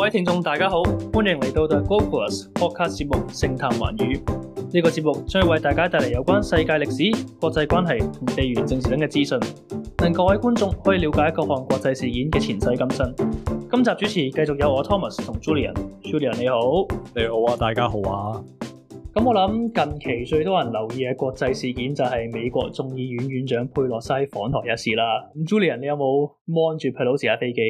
各位聽眾大家好，歡迎嚟到 The Globalist Podcast 節目《盛談寰宇》。呢、這個節目將會為大家帶嚟有關世界歷史、國際關係同地緣政治等嘅資訊，令各位觀眾可以了解各項國際事件嘅前世今生。今集主持繼續有我 Thomas 同 Jul Julian，Julian 你好，你好啊，大家好啊。咁我諗近期最多人留意嘅國際事件就係美國眾議院院長佩洛西訪台一事啦。咁 Julian 你有冇望住佩洛西嘅飛機？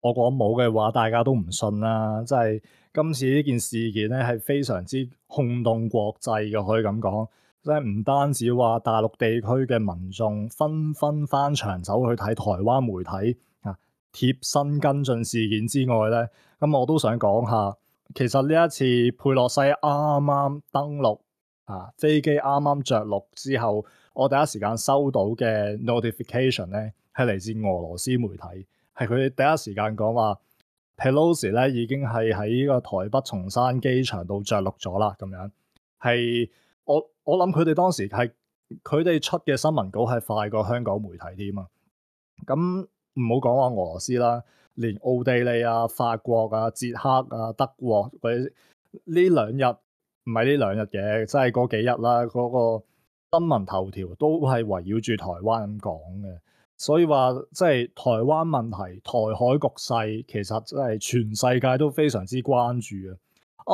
我講冇嘅話，大家都唔信啦。即係今次呢件事件咧，係非常之轟動國際嘅，可以咁講。即係唔單止話大陸地區嘅民眾紛紛翻牆走去睇台灣媒體啊，貼身跟進事件之外咧，咁我都想講下，其實呢一次佩洛西啱啱登陸啊，飛機啱啱着陸之後，我第一時間收到嘅 notification 咧，係嚟自俄羅斯媒體。係佢哋第一時間講話，Pelosi 咧已經係喺呢個台北松山機場度着陸咗啦，咁樣係我我諗佢哋當時係佢哋出嘅新聞稿係快過香港媒體添啊。咁唔好講話俄羅斯啦，連奧地利啊、法國啊、捷克啊、德國嗰啲呢兩日，唔係呢兩日嘅，即係嗰幾日啦，嗰個新聞頭條都係圍繞住台灣噉講嘅。所以話即係台灣問題、台海局勢，其實真係全世界都非常之關注啊！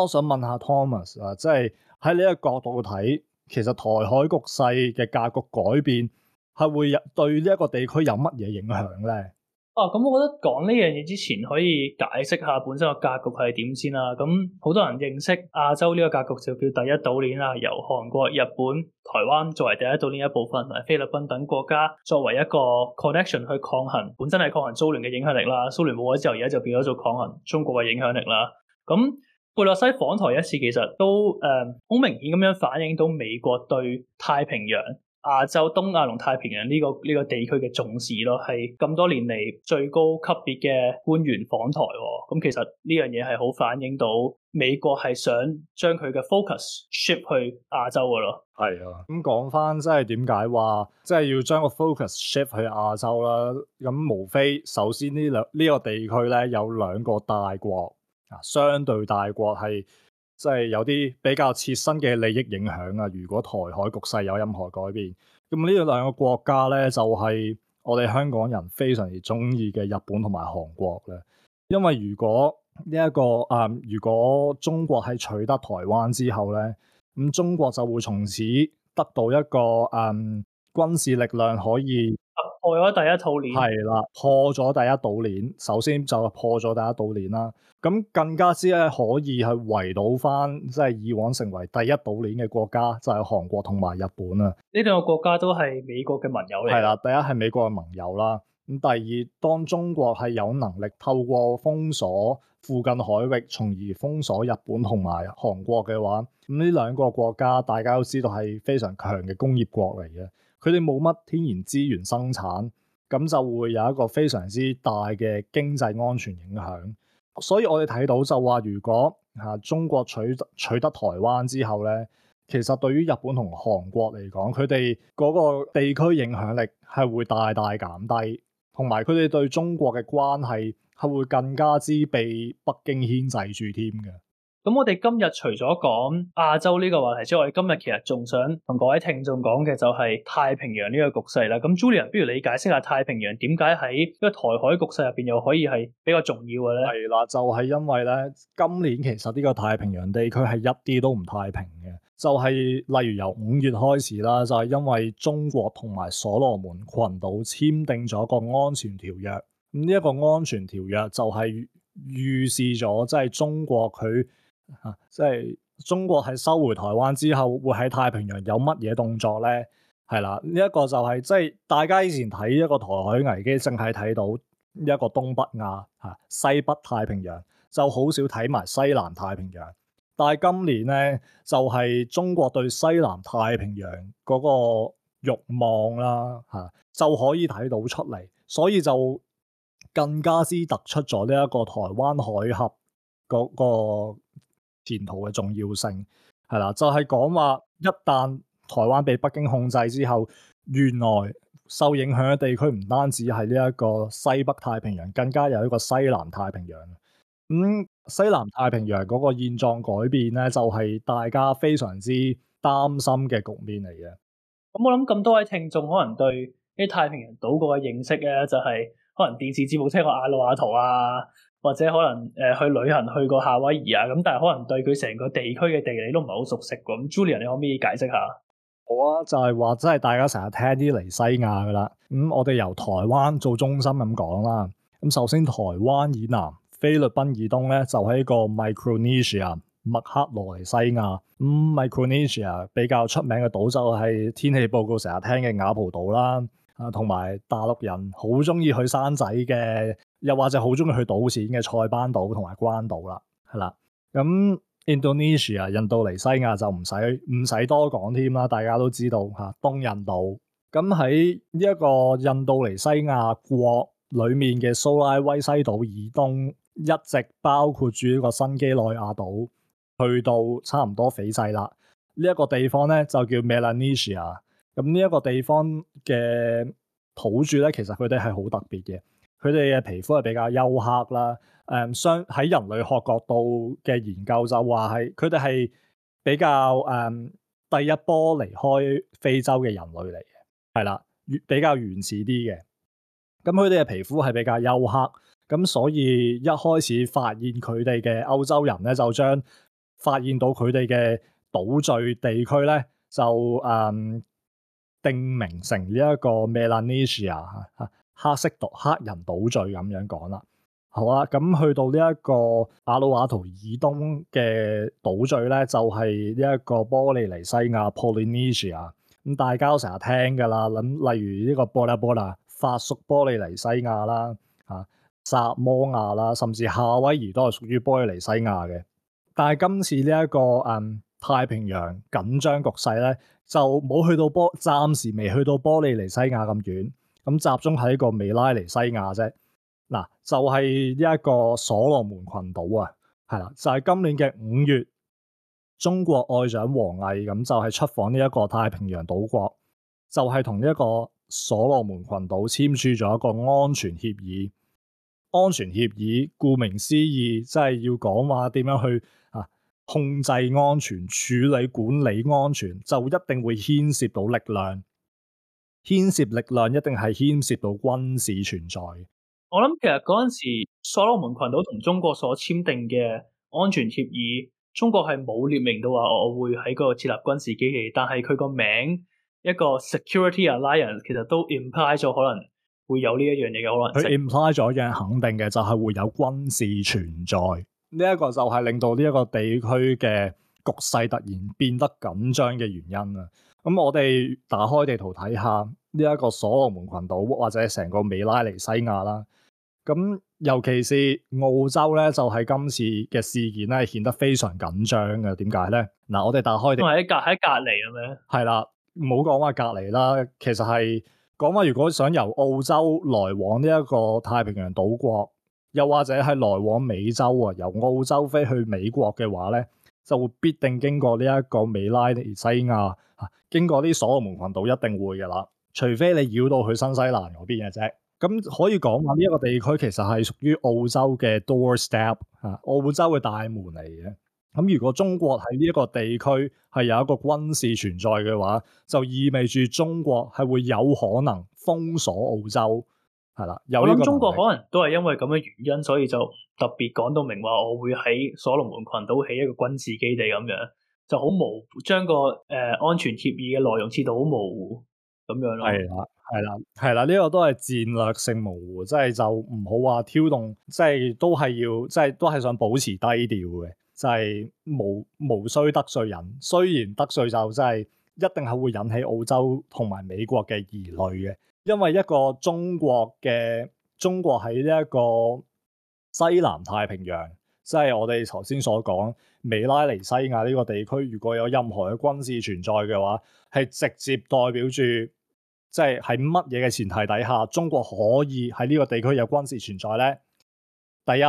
我想問下 Thomas 啊，即係喺呢一個角度睇，其實台海局勢嘅格局改變係會有對呢一個地區有乜嘢影響咧？哦，咁、嗯、我覺得講呢樣嘢之前可以解釋下本身個格局係點先啦。咁、嗯、好多人認識亞洲呢個格局就叫第一島鏈啦，由韓國、日本、台灣作為第一島鏈一部分，同埋菲律賓等國家作為一個 connection 去抗衡。本身係抗衡蘇聯嘅影響力啦，蘇聯冇咗之後，而家就變咗做抗衡中國嘅影響力啦。咁佩洛西訪台一次，其實都誒好、呃、明顯咁樣反映到美國對太平洋。亞洲、東亞同太平洋呢個呢個地區嘅重視咯，係咁多年嚟最高級別嘅官員訪台，咁、嗯、其實呢樣嘢係好反映到美國係想將佢嘅 focus shift 去亞洲噶咯。係啊，咁講翻即係點解話，即係要將個 focus shift 去亞洲啦？咁無非首先呢兩呢個地區咧有兩個大國，啊，相對大國係。即係有啲比較切身嘅利益影響啊！如果台海局勢有任何改變，咁呢兩個國家咧就係、是、我哋香港人非常之中意嘅日本同埋韓國咧，因為如果呢、這、一個啊、嗯，如果中國係取得台灣之後咧，咁、嗯、中國就會從此得到一個嗯軍事力量可以。破咗第一套鏈，係啦，破咗第一島鏈，首先就破咗第一島鏈啦。咁更加之咧，可以係圍堵翻，即係以往成為第一島鏈嘅國家，就係韓國同埋日本啊。呢兩個國家都係美國嘅盟友嚟。係啦，第一係美國嘅盟友啦。咁第二，當中國係有能力透過封鎖附近海域，從而封鎖日本同埋韓國嘅話，咁呢兩個國家大家都知道係非常強嘅工業國嚟嘅。佢哋冇乜天然資源生產，咁就會有一個非常之大嘅經濟安全影響。所以我哋睇到就話，如果嚇中國取得取得台灣之後咧，其實對於日本同韓國嚟講，佢哋嗰個地區影響力係會大大減低，同埋佢哋對中國嘅關係係會更加之被北京牽制住添嘅。咁我哋今日除咗講亞洲呢個話題之外，我哋今日其實仲想同各位聽眾講嘅就係太平洋呢個局勢啦。咁 Julian，不如你解釋下太平洋點解喺呢個台海局勢入邊又可以係比較重要嘅咧？係啦，就係因為咧，今年其實呢個太平洋地區係一啲都唔太平嘅。就係例如由五月開始啦，就係因為中國同埋所羅門群島簽訂咗個安全條約。咁呢一個安全條約就係預示咗，即係中國佢。啊，即係中國係收回台灣之後，會喺太平洋有乜嘢動作咧？係啦，呢、這、一個就係即係大家以前睇一個台海危機，淨係睇到一個東北亞、吓西北太平洋，就好少睇埋西南太平洋。但係今年咧，就係、是、中國對西南太平洋嗰個欲望啦，吓就可以睇到出嚟，所以就更加之突出咗呢一個台灣海峽嗰、那個。前途嘅重要性係啦，就係講話，一旦台灣被北京控制之後，原來受影響嘅地區唔單止係呢一個西北太平洋，更加有一個西南太平洋。咁、嗯、西南太平洋嗰個現狀改變咧，就係大家非常之擔心嘅局面嚟嘅。咁我諗咁多位聽眾可能對啲太平洋島國嘅認識咧、就是，就係可能電視節目聽過阿路阿圖啊。或者可能誒、呃、去旅行去過夏威夷啊，咁但係可能對佢成個地區嘅地理都唔係好熟悉喎。咁 Julian 你可唔可以解釋下？好啊，就係話即係大家成日聽啲尼西亞噶啦。咁、嗯、我哋由台灣做中心咁講啦。咁、嗯、首先台灣以南，菲律賓以東咧，就係一個 Micronesia，麥克羅尼西亞。咁、嗯、Micronesia 比較出名嘅島就係天氣報告成日聽嘅雅浦島啦，啊同埋大陸人好中意去生仔嘅。又或者好中意去賭錢嘅塞班島同埋關島啦，係啦。咁 Indonesia 印度尼西亞就唔使唔使多講添啦，大家都知道嚇東印度。咁喺呢一個印度尼西亞國裡面嘅蘇拉威西島以東，一直包括住呢個新幾內亞島，去到差唔多斐濟啦。呢、這、一個地方咧就叫 Melanesia。咁呢一個地方嘅土著咧，其實佢哋係好特別嘅。佢哋嘅皮膚係比較黝黑啦，誒、嗯，相喺人類學角度嘅研究就話係佢哋係比較誒、嗯、第一波離開非洲嘅人類嚟嘅，係啦，比較原始啲嘅。咁佢哋嘅皮膚係比較黝黑，咁、嗯、所以一開始發現佢哋嘅歐洲人咧，就將發現到佢哋嘅島嶼地區咧，就誒、嗯、定名成呢一個 Melanesia 嚇、啊、嚇。黑色島、黑人島嶼咁樣講啦，好啦、啊，咁去到呢一個阿魯瓦圖以東嘅島嶼咧，就係呢一個波利尼西亞 （Polynesia）。咁 Poly 大家成日聽噶啦，諗例如呢個波拉波拉、法屬波利尼西亞啦，啊，薩摩亞啦，甚至夏威夷都係屬於波利尼西亞嘅。但係今次呢、這、一個嗯太平洋緊張局勢咧，就冇去到波，暫時未去到波利尼西亞咁遠。咁集中喺個美拉尼西亞啫，嗱就係、是、呢一個所羅門群島啊，係啦，就係、是、今年嘅五月，中國外長王毅咁就係出訪呢一個太平洋島國，就係同呢一個所羅門群島簽署咗一個安全協議。安全協議，顧名思義，即、就、係、是、要講話點樣去啊控制安全、處理管理安全，就一定會牽涉到力量。牽涉力量一定係牽涉到軍事存在。我諗其實嗰陣時，所羅門群島同中國所簽訂嘅安全協議，中國係冇列明到話，我會喺嗰度設立軍事基地。但係佢個名一個 security alliance，其實都 imply 咗可能會有呢一樣嘢嘅可能。佢 imply 咗一樣肯定嘅就係會有軍事存在。呢、這、一個就係令到呢一個地區嘅局勢突然變得緊張嘅原因啊！咁我哋打開地圖睇下呢一個所羅門群島或者成個美拉尼西亞啦，咁尤其是澳洲咧，就係今次嘅事件咧，顯得非常緊張嘅。點解咧？嗱，我哋打開地圖，喺隔喺隔籬嘅咩？係啦，唔好講話隔籬啦，其實係講話如果想由澳洲來往呢一個太平洋島國，又或者係來往美洲啊，由澳洲飛去美國嘅話咧。就會必定經過呢一個美拉尼西亞，啊、經過啲所羅門群島，一定會嘅啦。除非你繞到去新西蘭嗰邊嘅啫。咁可以講話呢一個地區其實係屬於澳洲嘅 doorstep，吓、啊、澳洲嘅大門嚟嘅。咁如果中國喺呢一個地區係有一個軍事存在嘅話，就意味住中國係會有可能封鎖澳洲。係啦，有我諗中國可能都係因為咁嘅原因，所以就特別講到明話我會喺所羅門群島起一個軍事基地咁樣，就好模糊將個誒、呃、安全協議嘅內容設到好模糊咁樣咯。係啦，係啦，係啦，呢、這個都係戰略性模糊，即係就唔好話挑動，即、就、係、是、都係要，即、就、係、是、都係想保持低調嘅，就係、是、無無需得罪人，雖然得罪就真係一定係會引起澳洲同埋美國嘅疑慮嘅。因為一個中國嘅中國喺呢一個西南太平洋，即係我哋頭先所講美拉尼西亞呢個地區，如果有任何嘅軍事存在嘅話，係直接代表住即係喺乜嘢嘅前提底下，中國可以喺呢個地區有軍事存在咧。第一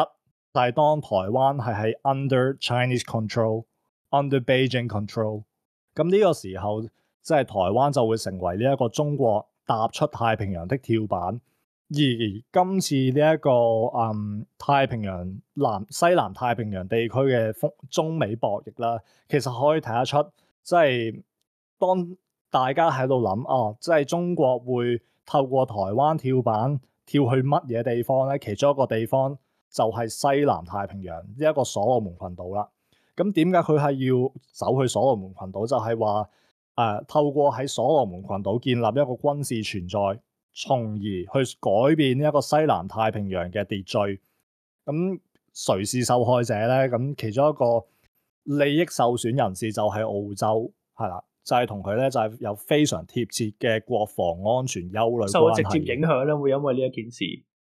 但係當台灣係喺 Under Chinese Control、Under Beijing Control 咁呢個時候，即係台灣就會成為呢一個中國，踏出太平洋的跳板，而今次呢、這、一個嗯太平洋南西南太平洋地區嘅中美博弈啦，其實可以睇得出，即係當大家喺度諗啊，即係中國會透過台灣跳板跳去乜嘢地方咧？其中一個地方就係西南太平洋呢一、這個所羅門群島啦。咁點解佢係要走去所羅門群島？就係話。誒、啊，透過喺所羅門群島建立一個軍事存在，從而去改變一個西南太平洋嘅秩序。咁誰是受害者咧？咁其中一個利益受損人士就係澳洲，係啦，就係同佢咧就係、是、有非常貼切嘅國防安全憂慮。受咗直接影響咧，會因為呢一件事，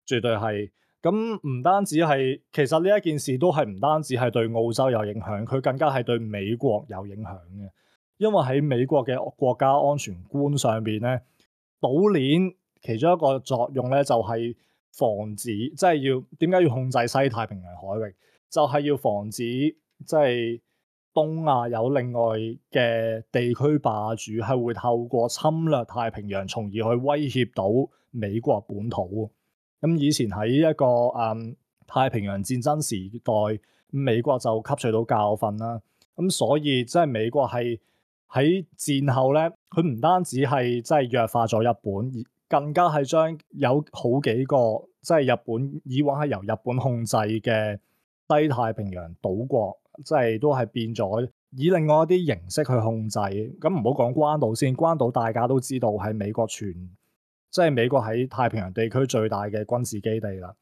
絕對係。咁唔單止係，其實呢一件事都係唔單止係對澳洲有影響，佢更加係對美國有影響嘅。因為喺美國嘅國家安全觀上邊咧，島鏈其中一個作用咧就係防止，即、就、係、是、要點解要控制西太平洋海域，就係、是、要防止即係、就是、東亞有另外嘅地區霸主係會透過侵略太平洋，從而去威脅到美國本土。咁以前喺一個嗯太平洋戰爭時代，美國就吸取到教訓啦。咁所以即係、就是、美國係。喺戰後咧，佢唔單止係真係弱化咗日本，而更加係將有好幾個即係日本以往係由日本控制嘅低太平洋島國，即係都係變咗以另外一啲形式去控制。咁唔好講關島先，關島大家都知道係美國全，即係美國喺太平洋地區最大嘅軍事基地啦。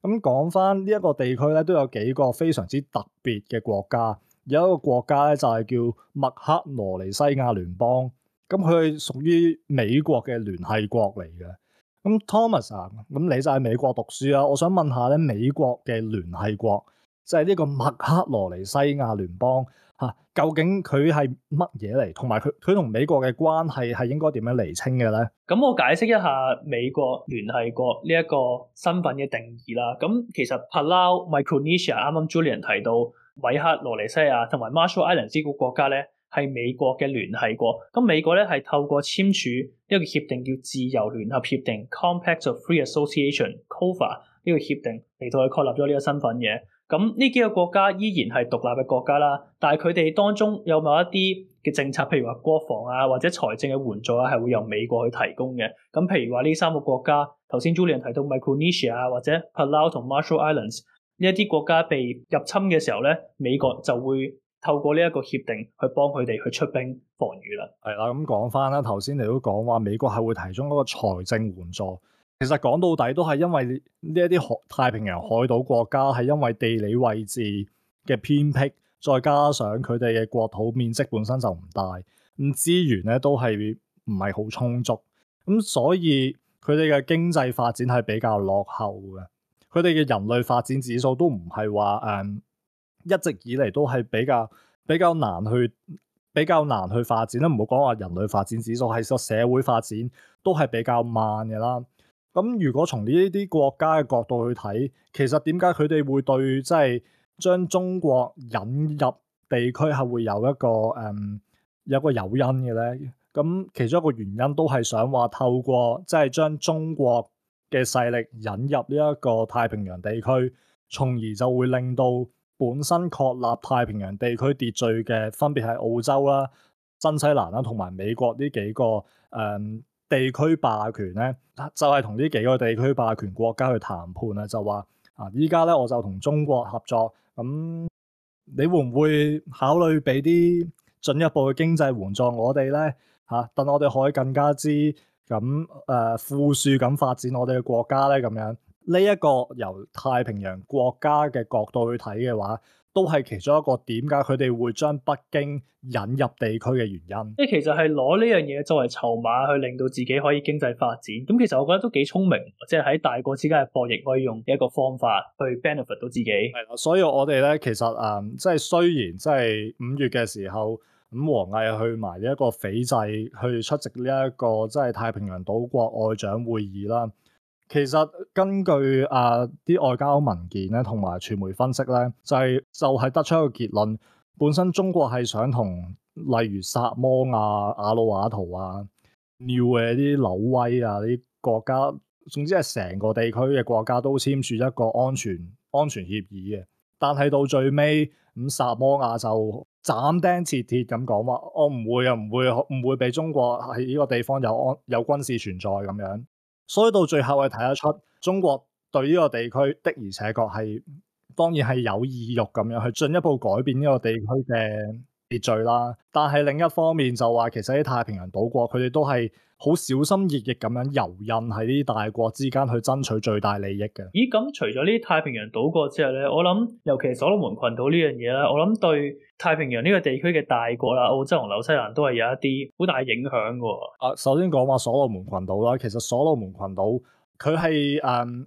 咁講翻呢一個地區咧，都有幾個非常之特別嘅國家。有一個國家咧，就係叫麥克羅尼西亞聯邦，咁佢屬於美國嘅聯繫國嚟嘅。咁 Thomas 啊，咁你就喺美國讀書啊，我想問下咧，美國嘅聯繫國即係呢個麥克羅尼西亞聯邦嚇，啊，究竟佢係乜嘢嚟？同埋佢佢同美國嘅關係係應該點樣釐清嘅咧？咁我解釋一下美國聯繫國呢一個身份嘅定義啦。咁其實 Palau Micronesia 啱啱 Julian 提到。威克羅尼西亞同埋 Marshall Islands 呢個國家咧，係美國嘅聯繫過。咁美國咧，係透過簽署一個協定叫自由聯合協定 （Compact of Free a s s o c i a t i o n c o f a 呢個協定嚟到去確立咗呢個身份嘅。咁呢幾個國家依然係獨立嘅國家啦，但係佢哋當中有某一啲嘅政策，譬如話國防啊或者財政嘅援助啊，係會由美國去提供嘅。咁譬如話呢三個國家，頭先朱連提到 Micronesia 或者 Palau 同 Marshall Islands。呢一啲國家被入侵嘅時候咧，美國就會透過呢一個協定去幫佢哋去出兵防禦啦。係啦，咁講返啦，頭先你都講話美國係會提供一個財政援助，其實講到底都係因為呢一啲海太平洋海島國家係因為地理位置嘅偏僻，再加上佢哋嘅國土面積本身就唔大，咁資源咧都係唔係好充足，咁所以佢哋嘅經濟發展係比較落後嘅。佢哋嘅人類發展指數都唔係話誒，一直以嚟都係比較比較難去比較難去發展啦。唔好講話人類發展指數，係個社會發展都係比較慢嘅啦。咁如果從呢一啲國家嘅角度去睇，其實點解佢哋會對即係、就是、將中國引入地區係會有一個誒、嗯、一個誘因嘅咧？咁其中一個原因都係想話透過即係、就是、將中國。嘅勢力引入呢一個太平洋地區，從而就會令到本身確立太平洋地區秩序嘅分別係澳洲啦、新西蘭啦同埋美國呢幾個誒、嗯、地區霸權咧，就係同呢幾個地區霸權國家去談判啊，就話啊，依家咧我就同中國合作，咁、嗯、你會唔會考慮俾啲進一步嘅經濟援助我哋咧？嚇、啊，等我哋可以更加之。咁誒、呃、富庶咁發展我哋嘅國家咧，咁樣呢一個由太平洋國家嘅角度去睇嘅話，都係其中一個點解佢哋會將北京引入地區嘅原因。即係其實係攞呢樣嘢作為籌碼，去令到自己可以經濟發展。咁其實我覺得都幾聰明，即係喺大國之間嘅博弈可以用嘅一個方法去 benefit 到自己。係，所以我哋咧，其實誒、嗯，即係雖然即係五月嘅時候。咁王毅去埋呢一個斐濟去出席呢、這、一個即係太平洋島國外長會議啦。其實根據啊啲、呃、外交文件咧，同埋傳媒分析咧，就係、是、就係、是、得出一個結論：本身中國係想同例如薩摩亞、瓦努阿圖啊、New 嘅啲紐威啊啲國家，總之係成個地區嘅國家都簽署一個安全安全協議嘅。但係到最尾咁、呃、薩摩亞就。斬釘切鐵咁講話，我、哦、唔會又唔會唔會俾中國喺呢個地方有安有軍事存在咁樣，所以到最後我睇得出中國對呢個地區的而且確係當然係有意欲咁樣去進一步改變呢個地區嘅秩序啦。但係另一方面就話，其實喺太平洋島國，佢哋都係好小心翼翼咁樣遊印喺啲大國之間去爭取最大利益嘅。咦，咁除咗呢太平洋島國之外咧，我諗，尤其係所羅門群島呢樣嘢咧，我諗對太平洋呢個地區嘅大國啦，澳洲同紐西蘭都係有一啲好大影響嘅。啊，首先講話所羅門群島啦，其實所羅門群島佢係誒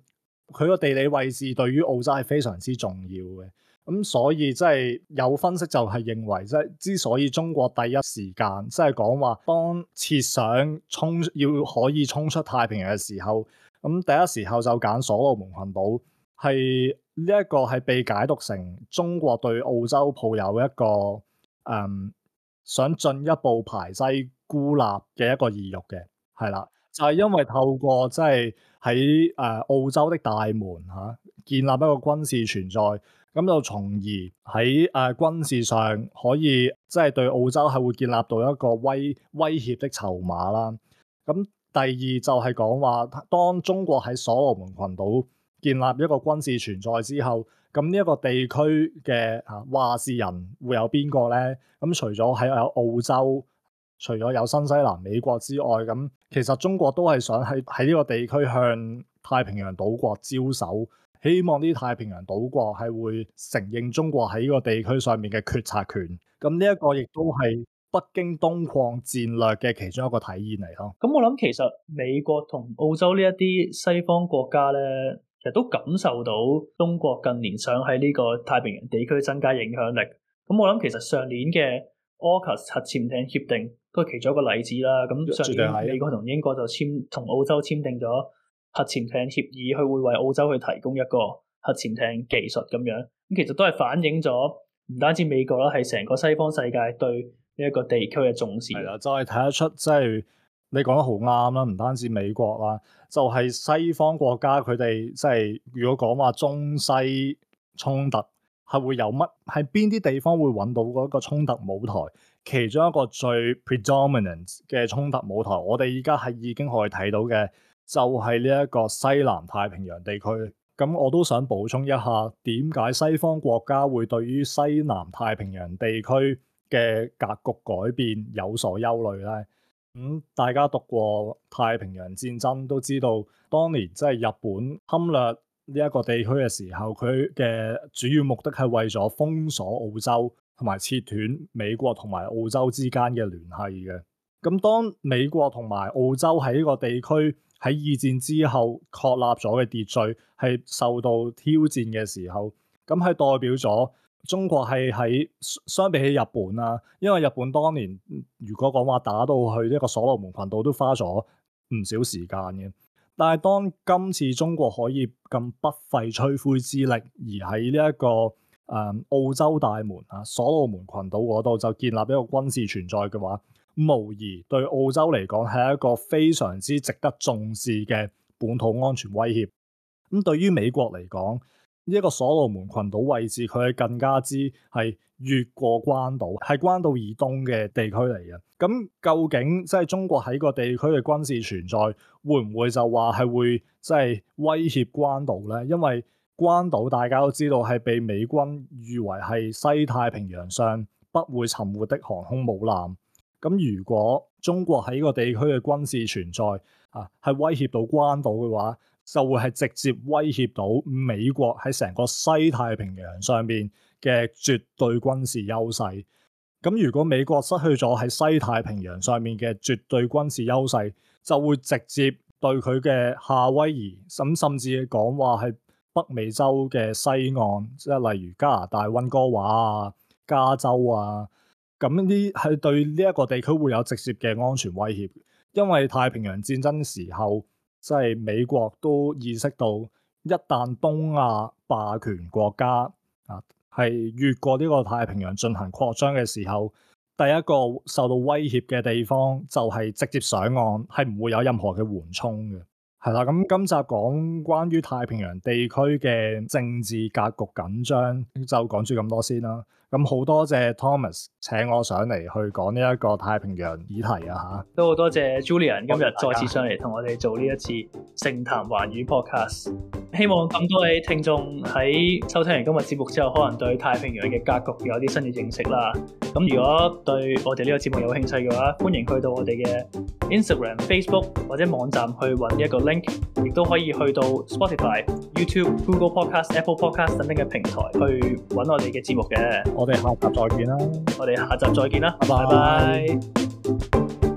佢個地理位置對於澳洲係非常之重要嘅。咁所以即係有分析就係認為，即係之所以中國第一時間即係講話，當設想衝要可以衝出太平洋嘅時候，咁第一時候就揀所羅門群島，係呢一個係被解讀成中國對澳洲抱有一個誒、嗯、想進一步排擠孤立嘅一個意欲嘅，係啦。就係因為透過即係喺誒澳洲的大門吓、啊，建立一個軍事存在，咁、嗯、就從而喺誒、呃、軍事上可以即係、就是、對澳洲係會建立到一個威威脅的籌碼啦。咁、嗯、第二就係講話，當中國喺所羅門群島建立一個軍事存在之後，咁呢一個地區嘅吓話事人會有邊個咧？咁、嗯、除咗喺有澳洲。除咗有新西蘭、美國之外，咁其實中國都係想喺喺呢個地區向太平洋島國招手，希望啲太平洋島國係會承認中國喺呢個地區上面嘅決策權。咁呢一個亦都係北京東擴戰略嘅其中一個體現嚟咯。咁我諗其實美國同澳洲呢一啲西方國家咧，其實都感受到中國近年想喺呢個太平洋地區增加影響力。咁我諗其實上年嘅。AUKUS 核潛艇協定都係其中一個例子啦。咁上年美國同英國就簽同澳洲簽訂咗核潛艇協議，佢會為澳洲去提供一個核潛艇技術咁樣。咁其實都係反映咗唔單止美國啦，係成個西方世界對呢一個地區嘅重視。係啦，就係睇得出，即係你講得好啱啦。唔單止美國啦，就係西方國家佢哋即係如果講話中西衝突。係會有乜？喺邊啲地方會揾到嗰一個衝突舞台？其中一個最 predominant 嘅衝突舞台，我哋而家係已經可以睇到嘅，就係呢一個西南太平洋地區。咁我都想補充一下，點解西方國家會對於西南太平洋地區嘅格局改變有所憂慮咧？咁、嗯、大家讀過太平洋戰爭都知道，當年即係日本侵略呢一個地區嘅時候，佢嘅主要目的係為咗封鎖澳洲同埋切斷美國同埋澳洲之間嘅聯繫嘅。咁當美國同埋澳洲喺呢個地區喺二戰之後確立咗嘅秩序係受到挑戰嘅時候，咁係代表咗中國係喺相比起日本啦，因為日本當年如果講話打到去呢個所羅門群島都花咗唔少時間嘅。但係當今次中國可以咁不費吹灰之力而喺呢一個誒、嗯、澳洲大門啊，所羅門群島嗰度就建立一個軍事存在嘅話，無疑對澳洲嚟講係一個非常之值得重視嘅本土安全威脅。咁對於美國嚟講，一個所羅門群島位置，佢係更加之係越過關島，係關島以東嘅地區嚟嘅。咁究竟即係中國喺個地區嘅軍事存在，會唔會就話係會即係威脅關島咧？因為關島大家都知道係被美軍譽為係西太平洋上不會沉沒的航空母艦。咁如果中國喺個地區嘅軍事存在啊，係威脅到關島嘅話，就會係直接威脅到美國喺成個西太平洋上面嘅絕對軍事優勢。咁如果美國失去咗喺西太平洋上面嘅絕對軍事優勢，就會直接對佢嘅夏威夷，咁甚至講話係北美洲嘅西岸，即係例如加拿大溫哥華啊、加州啊，咁呢係對呢一個地區會有直接嘅安全威脅。因為太平洋戰爭時候。即係美國都意識到，一旦東亞霸權國家啊係越過呢個太平洋進行擴張嘅時候，第一個受到威脅嘅地方就係直接上岸，係唔會有任何嘅緩衝嘅。係啦，咁今集講關於太平洋地區嘅政治格局緊張，就講住咁多先啦。咁好多謝 Thomas 請我上嚟去講呢一個太平洋議題啊吓，都好多謝 Julian 今日再次上嚟同我哋做呢一次盛談寰宇 podcast。希望咁多位聽眾喺收聽完今日節目之後，可能對太平洋嘅格局有啲新嘅認識啦。咁如果對我哋呢個節目有興趣嘅話，歡迎去到我哋嘅 Instagram、Facebook 或者網站去搵呢一個 link，亦都可以去到 Spotify、YouTube、Google Podcast、Apple Podcast 等等嘅平台去搵我哋嘅節目嘅。我哋下集再見啦！我哋下集再見啦！拜拜 bye。Bye bye